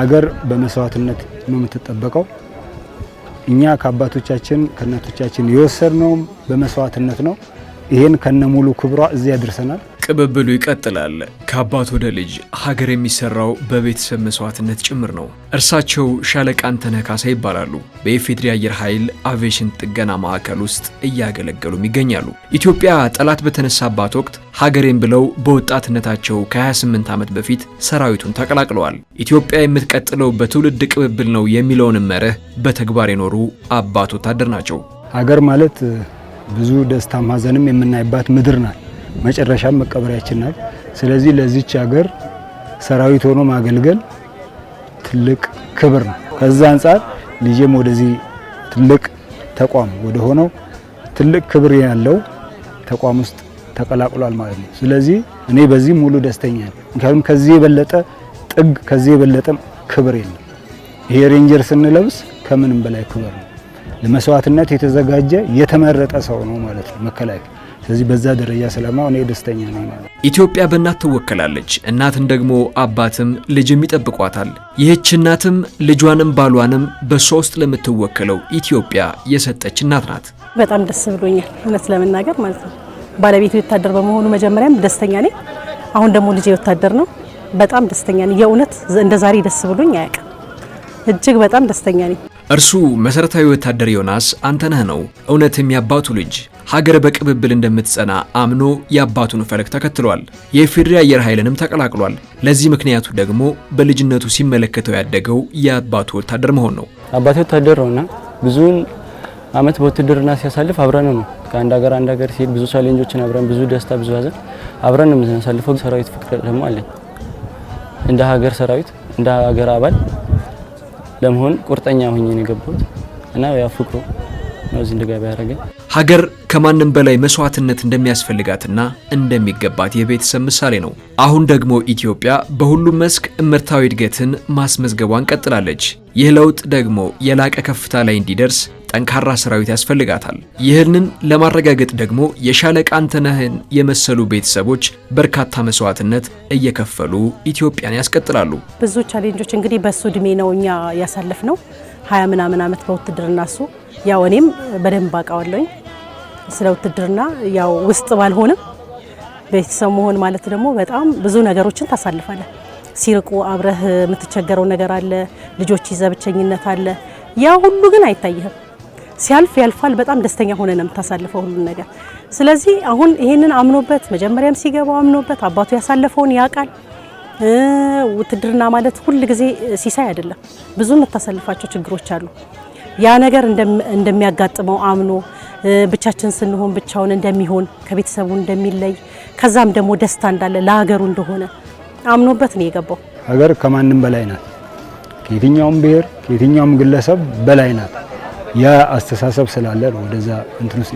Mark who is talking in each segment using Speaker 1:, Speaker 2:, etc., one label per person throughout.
Speaker 1: ሀገር በመስዋዕትነት ነው የምትጠበቀው። እኛ ከአባቶቻችን ከእናቶቻችን የወሰድነውም በመስዋዕትነት ነው። ይህን ከነሙሉ ክብሯ እዚህ ያደርሰናል።
Speaker 2: ቅብብሉ ይቀጥላል። ከአባት ወደ ልጅ ሀገር የሚሰራው በቤተሰብ መስዋዕትነት ጭምር ነው። እርሳቸው ሻለቃ አንተነህ ካሳ ይባላሉ። በኢፌዴሪ አየር ኃይል አቪዬሽን ጥገና ማዕከል ውስጥ እያገለገሉም ይገኛሉ። ኢትዮጵያ ጠላት በተነሳባት ወቅት ሀገሬን ብለው በወጣትነታቸው ከ28 ዓመት በፊት ሰራዊቱን ተቀላቅለዋል። ኢትዮጵያ የምትቀጥለው በትውልድ ቅብብል ነው የሚለውንም መርህ በተግባር የኖሩ አባት ወታደር ናቸው።
Speaker 1: ሀገር ማለት ብዙ ደስታም ሀዘንም የምናይባት ምድር ናት። መጨረሻም መቀበሪያችን ናት። ስለዚህ ለዚች ሀገር ሰራዊት ሆኖ ማገልገል ትልቅ ክብር ነው። ከዛ አንጻር ልጄም ወደዚህ ትልቅ ተቋም ወደ ሆነው ትልቅ ክብር ያለው ተቋም ውስጥ ተቀላቅሏል ማለት ነው። ስለዚህ እኔ በዚህ ሙሉ ደስተኛ ነኝ። ምክንያቱም ከዚህ የበለጠ ጥግ፣ ከዚህ የበለጠ ክብር የለም። ይሄ ሬንጀር ስንለብስ ከምንም በላይ ክብር ነው። ለመስዋዕትነት የተዘጋጀ የተመረጠ ሰው ነው ማለት ነው መከላከያ። ስለዚህ በዛ ደረጃ ስለማ እኔ ደስተኛ ነው ማለት
Speaker 2: ኢትዮጵያ በእናት ትወከላለች። እናትን ደግሞ አባትም ልጅም ይጠብቋታል። ይህች እናትም ልጇንም ባሏንም በእሷ ውስጥ ለምትወከለው ኢትዮጵያ የሰጠች እናት ናት።
Speaker 3: በጣም ደስ ብሎኛል እውነት ለመናገር ማለት ነው። ባለቤቱ የወታደር በመሆኑ መጀመሪያም ደስተኛ ነኝ። አሁን ደግሞ ልጅ ወታደር ነው። በጣም ደስተኛ ነኝ። የእውነት እንደዛሬ ደስ ብሎኝ አያውቅም። እጅግ በጣም ደስተኛ ነኝ።
Speaker 2: እርሱ መሠረታዊ ወታደር ዮናስ አንተነህ ነው። እውነትም የአባቱ ልጅ ሀገር በቅብብል እንደምትጸና አምኖ የአባቱን ፈለግ ተከትሏል። የኢፌዴሪ አየር ኃይልንም ተቀላቅሏል። ለዚህ ምክንያቱ ደግሞ በልጅነቱ ሲመለከተው ያደገው የአባቱ ወታደር መሆን ነው።
Speaker 4: አባቴ ወታደር ነውና ብዙውን አመት በውትድርና ሲያሳልፍ አብረን ነው። ከአንድ ሀገር አንድ ሀገር ሲሄድ ብዙ ቻሌንጆችን አብረን፣ ብዙ ደስታ፣ ብዙ ሀዘን አብረን ነው የምናሳልፈው። ሰራዊት ፍቅር ደግሞ አለኝ እንደ ሀገር ሰራዊት እንደ ሀገር አባል ለመሆን ቁርጠኛ ሆኜ ነው የገባሁት እና ያ ፍቅሩ ነው እዚህ እንድገባ ያደረገ።
Speaker 2: ሀገር ከማንም በላይ መስዋዕትነት እንደሚያስፈልጋትና እንደሚገባት የቤተሰብ ምሳሌ ነው። አሁን ደግሞ ኢትዮጵያ በሁሉም መስክ እምርታዊ እድገትን ማስመዝገቧን ቀጥላለች። ይህ ለውጥ ደግሞ የላቀ ከፍታ ላይ እንዲደርስ ጠንካራ ሰራዊት ያስፈልጋታል። ይህንን ለማረጋገጥ ደግሞ የሻለቃ አንተነህን የመሰሉ ቤተሰቦች በርካታ መስዋዕትነት እየከፈሉ ኢትዮጵያን ያስቀጥላሉ።
Speaker 3: ብዙ ቻሌንጆች እንግዲህ በእሱ እድሜ ነው እኛ ያሳለፍ ነው ሀያ ምናምን ዓመት በውትድርና እሱ ያው እኔም በደንብ አውቃለሁኝ ስለ ውትድርና ያው ውስጥ ባልሆንም ቤተሰብ መሆን ማለት ደግሞ በጣም ብዙ ነገሮችን ታሳልፋለህ። ሲርቁ አብረህ የምትቸገረው ነገር አለ። ልጆች ይዘህ ብቸኝነት አለ። ያ ሁሉ ግን አይታይህም። ሲያልፍ ያልፋል። በጣም ደስተኛ ሆነ ነው የምታሳልፈው ሁሉን ነገር። ስለዚህ አሁን ይሄንን አምኖበት መጀመሪያም ሲገባው አምኖበት አባቱ ያሳለፈውን ያውቃል። ውትድርና ማለት ሁል ጊዜ ሲሳይ አይደለም። ብዙ የምታሳልፋቸው ችግሮች አሉ። ያ ነገር እንደሚያጋጥመው አምኖ ብቻችን ስንሆን ብቻውን እንደሚሆን ከቤተሰቡ እንደሚለይ ከዛም ደግሞ ደስታ እንዳለ ለሀገሩ እንደሆነ አምኖበት ነው የገባው።
Speaker 1: ሀገር ከማንም በላይ ናት። ከየትኛውም ብሔር ከየትኛውም ግለሰብ በላይ ናት። ያ አስተሳሰብ ስላለ ነው ወደዛ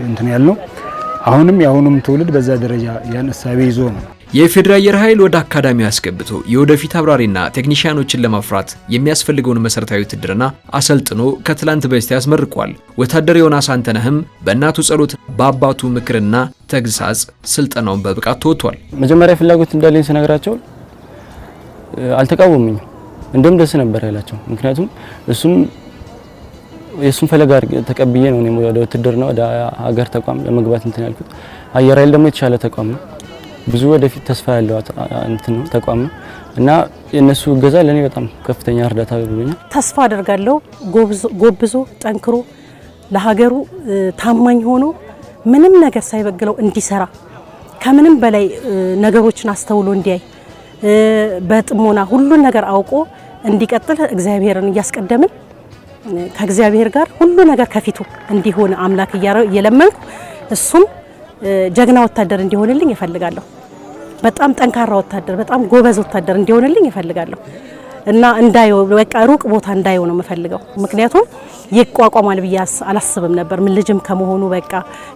Speaker 1: እንትን ያልነው። አሁንም የአሁኑም ትውልድ በዛ ደረጃ ያን እሳቤ ይዞ ነው
Speaker 2: የፌዴራል አየር ኃይል ወደ አካዳሚ አስገብቶ የወደፊት አብራሪና ቴክኒሽያኖችን ለማፍራት የሚያስፈልገውን መሰረታዊ ውትድርና አሰልጥኖ ከትላንት በስቲያ አስመርቋል። ወታደር ዮናስ አንተነህም በእናቱ ጸሎት በአባቱ ምክርና ተግሳጽ ስልጠናውን በብቃት ተወጥቷል።
Speaker 4: መጀመሪያ ፍላጎት እንዳለኝ ስነግራቸው አልተቃወሙኝም፣ እንደውም ደስ ነበር ያላቸው። ምክንያቱም እሱም የእሱን ፈለጋ ተቀብዬ ነው እኔም ወደ ውትድርና ወደ ሀገር ተቋም ለመግባት እንትን ያልኩት። አየር ኃይል ደግሞ የተሻለ ተቋም ነው፣ ብዙ ወደፊት ተስፋ ያለው እንትን ነው ተቋም ነው እና የእነሱ እገዛ ለእኔ በጣም ከፍተኛ እርዳታ ብሎኛል።
Speaker 3: ተስፋ አደርጋለሁ ጎብዞ ጠንክሮ ለሀገሩ ታማኝ ሆኖ ምንም ነገር ሳይበግለው እንዲሰራ ከምንም በላይ ነገሮችን አስተውሎ እንዲያይ በጥሞና ሁሉን ነገር አውቆ እንዲቀጥል እግዚአብሔርን እያስቀደምን ከእግዚአብሔር ጋር ሁሉ ነገር ከፊቱ እንዲሆን አምላክ እየለመንኩ እሱም ጀግና ወታደር እንዲሆንልኝ እፈልጋለሁ። በጣም ጠንካራ ወታደር፣ በጣም ጎበዝ ወታደር እንዲሆንልኝ እፈልጋለሁ እና እንዳየው በቃ ሩቅ ቦታ እንዳየው ነው የምፈልገው። ምክንያቱም ይቋቋማል ብዬ አላስብም ነበር። ምን ልጅም ከመሆኑ በቃ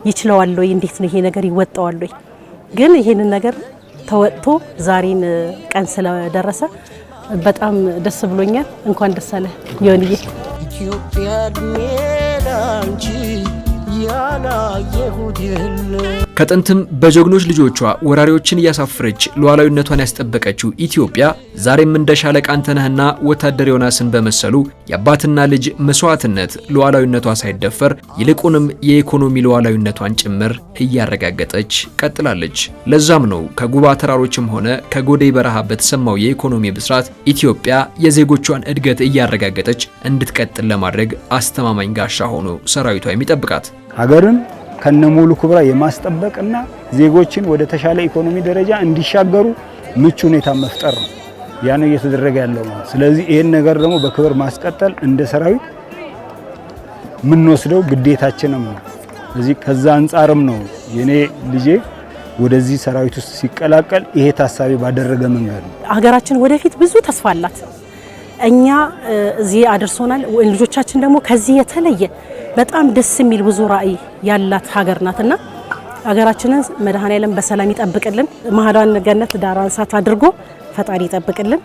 Speaker 3: ይችለዋል ወይ እንዴት ነው ይሄ ነገር ይወጣዋል ወይ? ግን ይሄንን ነገር ተወጥቶ ዛሬን ቀን ስለደረሰ በጣም ደስ ብሎኛል። እንኳን ደስ አለ ይሁንዬ። ኢትዮጵያ እድሜ ላንቺ
Speaker 2: ያላየሁት የለም። ከጥንትም በጀግኖች ልጆቿ ወራሪዎችን እያሳፈረች ሉዓላዊነቷን ያስጠበቀችው ኢትዮጵያ ዛሬም እንደ ሻለቃ አንተነህና ወታደር ዮናስን በመሰሉ የአባትና ልጅ መስዋዕትነት ሉዓላዊነቷ ሳይደፈር ይልቁንም የኢኮኖሚ ሉዓላዊነቷን ጭምር እያረጋገጠች ቀጥላለች። ለዛም ነው ከጉባ ተራሮችም ሆነ ከጎዴ በረሃ በተሰማው የኢኮኖሚ ብስራት ኢትዮጵያ የዜጎቿን እድገት እያረጋገጠች እንድትቀጥል ለማድረግ አስተማማኝ ጋሻ ሆኖ ሰራዊቷ የሚጠብቃት
Speaker 1: ሀገርን ከነሙሉ ክብራ የማስጠበቅና ዜጎችን ወደ ተሻለ ኢኮኖሚ ደረጃ እንዲሻገሩ ምቹ ሁኔታ መፍጠር ነው። ያ ነው እየተደረገ ያለው ነው። ስለዚህ ይህን ነገር ደግሞ በክብር ማስቀጠል እንደ ሰራዊት የምንወስደው ግዴታችንም ነው። ስለዚህ ከዛ አንጻርም ነው የኔ ልጄ ወደዚህ ሰራዊት ውስጥ ሲቀላቀል ይሄ ታሳቢ ባደረገ መንገድ ነው።
Speaker 3: ሀገራችን ወደፊት ብዙ ተስፋ አላት። እኛ እዚህ አድርሶናል። ልጆቻችን ደግሞ ከዚህ የተለየ በጣም ደስ የሚል ብዙ ራዕይ ያላት ሀገር ናትና ሀገራችንን መድኃኔዓለም በሰላም ይጠብቅልን። ማህዷን ገነት ዳር አንሳት አድርጎ ፈጣሪ ይጠብቅልን።